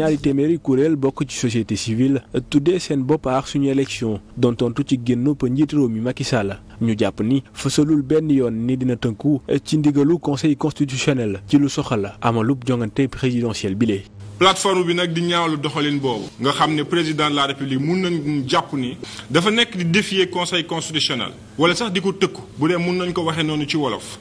ñaari téeméeri kuréel bokk ci société civile tuddee seen boppa aar suñu élection doon tontu ci génnup njiit réew mi Macky la ñu jàpp ni fësalul benn yoon ni dina tënku ci ndigalu conseil constitutionnel ci lu soxal amalub jongante présidentielle bile. plateforme bi nag di ñaawlu doxalin boobu nga xam ne président de la république mun nañ jàpp ni dafa nekk di défier conseil constitutionnel wala sax di ko tëkku bu dee mun nañ ko waxee noonu ci wolof.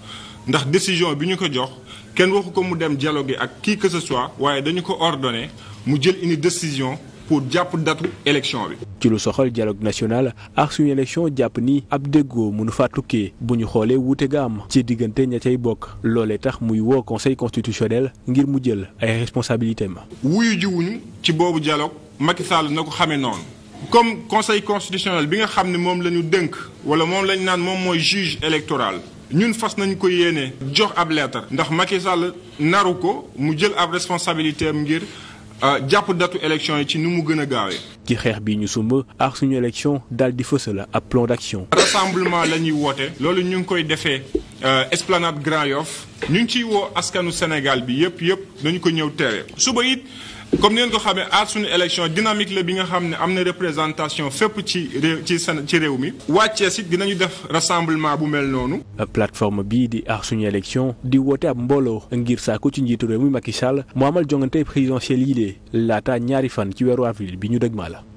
ndax décision bi ñu ko jox kenn waxu ko mu dem dialoguer ak kii que ce waaye dañu ko ordonné mu jël une décision pour jàpp datu élection bi. ci lu soxal dialogue national ak élection jàpp ni ab déggoo mënu faa tukkee bu ñu xoolee wuute ga am ci diggante ña cay bokk loolee tax muy woo conseil constitutionnel ngir mu jël ay responsabilités ma. wu jiwuñu ci boobu dialogue Macky Sall na ko xamee noonu. comme conseil constitutionnel bi nga xam ne moom la ñu dënk wala moom la ñu naan moom mooy juge électoral. ñun fas nañu ko yéene jox ab leetar ndax Macky naru ko mu jël ab responsabilité am ngir euh, jàpp datu élection yi ci ni mu gën a gaawee. ci xeex bi ñu sumb ak suñu élection daal di fësal ab plan d'action. rassemblement la ñuy woote. loolu ñu ngi koy defee euh, esplanade Grand Yoff ñu ngi ciy woo askanu Sénégal bi yëpp yëpp nañu ko ñëw teewee suba it. comme ni ngeen ko xamee aar suñu élection dynamique la bi nga xam ne am na représentation fépp ci réew ci ci réew mi wàccee si dinañu def rassemblement bu mel noonu. plateforme bii di aar suñu élection di woote ab mbooloo ngir saako ci njiitu réew mi Macky Sall mu amal jongante présidentielle yi de laata ñaari fan ci weeru avril bi ñu dëgmaa la.